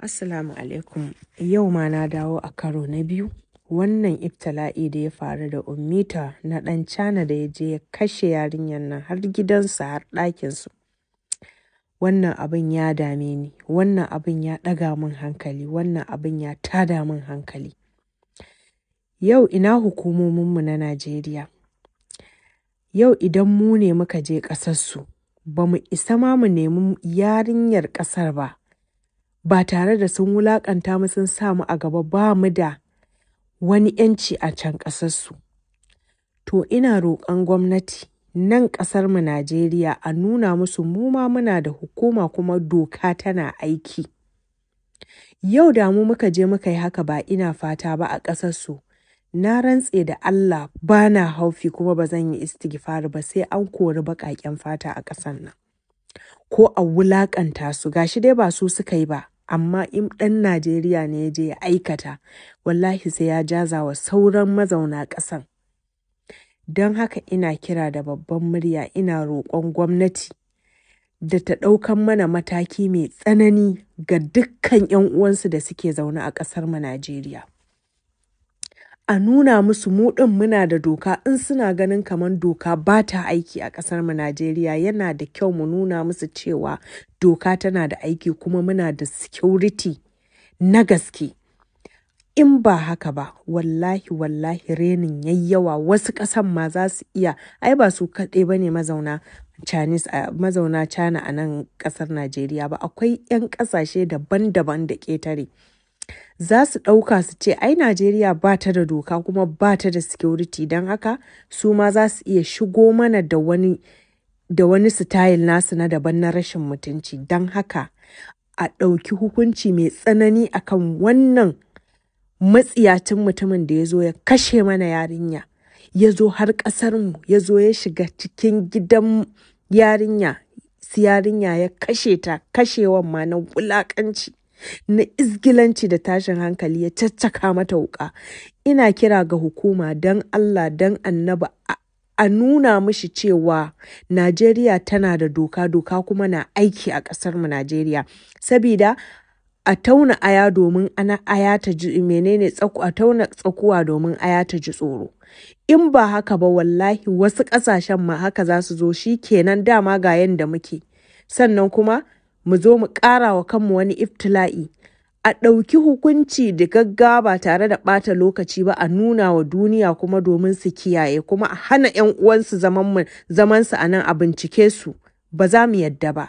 Assalamu alaikum. Yau ma na dawo a karo na biyu. Wannan ibtila'i da ya faru da ummita na ɗan cana da ya je ya kashe yarinyar nan har gidansa har ɗakinsu. Wannan abin ya dame ni, wannan abin ya ɗaga min hankali, wannan abin ya tada min hankali. Yau ina hukumominmu na Najeriya. Yau idan mu ne muka je ƙasarsu, ba mu isa ma mu nemi yarinyar ƙasar ba. ba tare da sun wulaƙanta mu sun sa mu a gaba ba mu da wani 'yanci a can ƙasarsu. To ina roƙon gwamnati nan ƙasarmu Najeriya a nuna musu mu ma muna da hukuma kuma doka tana aiki. Yau da mu muka je muka yi haka ba ina fata ba a ƙasarsu. Na rantse da Allah ba na haufi kuma ba zan yi istighfar ba sai an kori baƙaƙen fata a ƙasar nan. ko a wulaƙanta su gashi dai ba su suka yi ba amma in ɗan najeriya ne ya je ya aikata wallahi sai ya jaza wa sauran mazauna ƙasan don haka ina kira da babban murya ina roƙon gwamnati da ta ɗaukan mana mataki mai tsanani ga dukkan 'yan uwansu da suke zaune a ƙasarmu najeriya a nuna musu mu din muna da doka in suna ganin kamar doka ba ta aiki a ƙasar mu Najeriya yana da kyau mu nuna musu cewa doka tana da aiki kuma muna da security na gaske in ba haka ba wallahi wallahi renin yayyawa wasu ƙasan ma za su iya ai ba su kaɗai ba ne mazauna Chinese mazauna China a nan ƙasar Najeriya ba akwai 'yan ƙasashe daban-daban da ƙetare. za su ɗauka su ce ai Najeriya ba ta da doka kuma ba ta da security don haka su ma za su iya shigo mana da wani da wani style nasu na daban na rashin mutunci don haka a ɗauki hukunci mai tsanani akan wannan matsiyacin mutumin da ya zo ya kashe mana yarinya ya zo har ƙasarmu ya zo ya shiga cikin gidan yarinya su yarinya ya kashe ta kashewan ma na wulaƙanci na izgilanci da tashin hankali ya caccaka mata wuka ina kira ga hukuma don allah don annaba a nuna mishi cewa najeriya tana da doka doka kuma na aiki a ƙasarmu najeriya sabida a tauna aya domin ana aya ta ji menene a tauna tsakuwa domin aya ta ji tsoro in ba haka ba wallahi wasu ƙasashen ma haka za su zo shi kenan dama ga yanda muke sannan kuma mu zo mu ƙara wa kanmu wani iftila'i a ɗauki hukunci da gaggawa ba tare da ɓata lokaci ba a nuna wa duniya kuma domin su kiyaye kuma a hana 'yan uwansu zamansu a nan a bincike su ba za mu yadda ba.